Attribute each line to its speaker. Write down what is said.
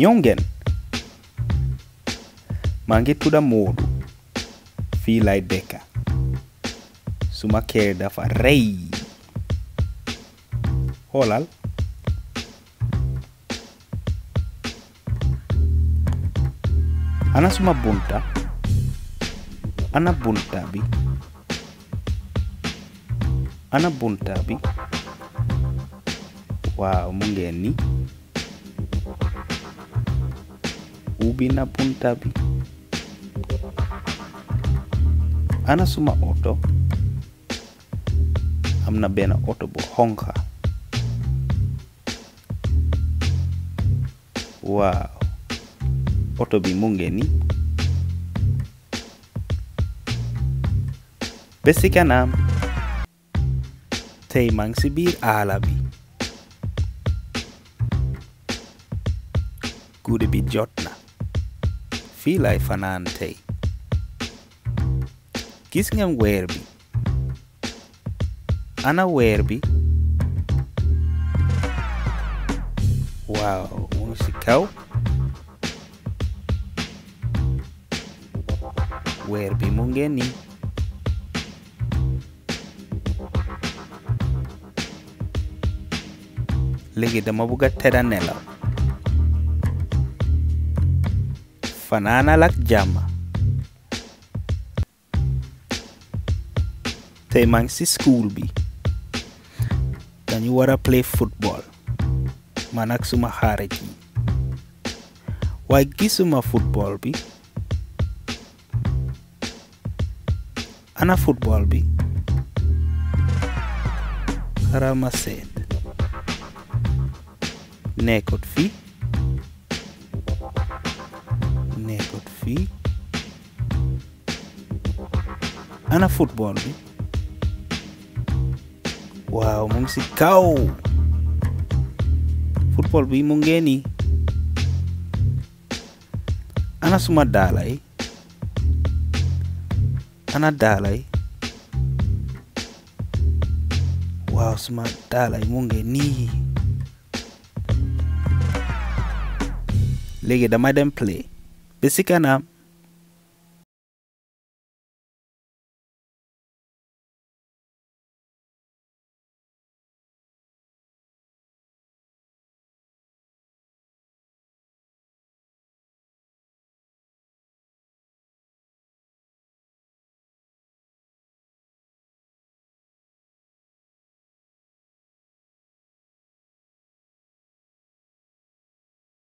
Speaker 1: ñongen maa ngi tudda Moodu fii lay dëkka suma kër dafa rëy xoolal ana suma bunta ana bunta bi ana bunta bi waaw mu ngeen ni ubbi na bunta ana suma oto am na benn oto bu xonxa waaw oto bi mu ngi ni ba si kanam tey maa ngi biir aala bi guddi bi jot na fii laay fanaan tey gis ngeen weer bi ana weer bi waaw mu si kaw weer bi mu ngeen ni léegi dama bugg a tëdd nelaw fanaanal ak jàmm tey maa ci school bi dañu war a play football man ak suma xarit yi waaye gisuma football bi ana football bi xarama seet nekkut fii fii ana football bi waaw mu ngi si kaw football bi mu ngee nii ana suma daala yi ana daala waaw suma daala yi mu ngee nii léegi dama dem play bis ci kanam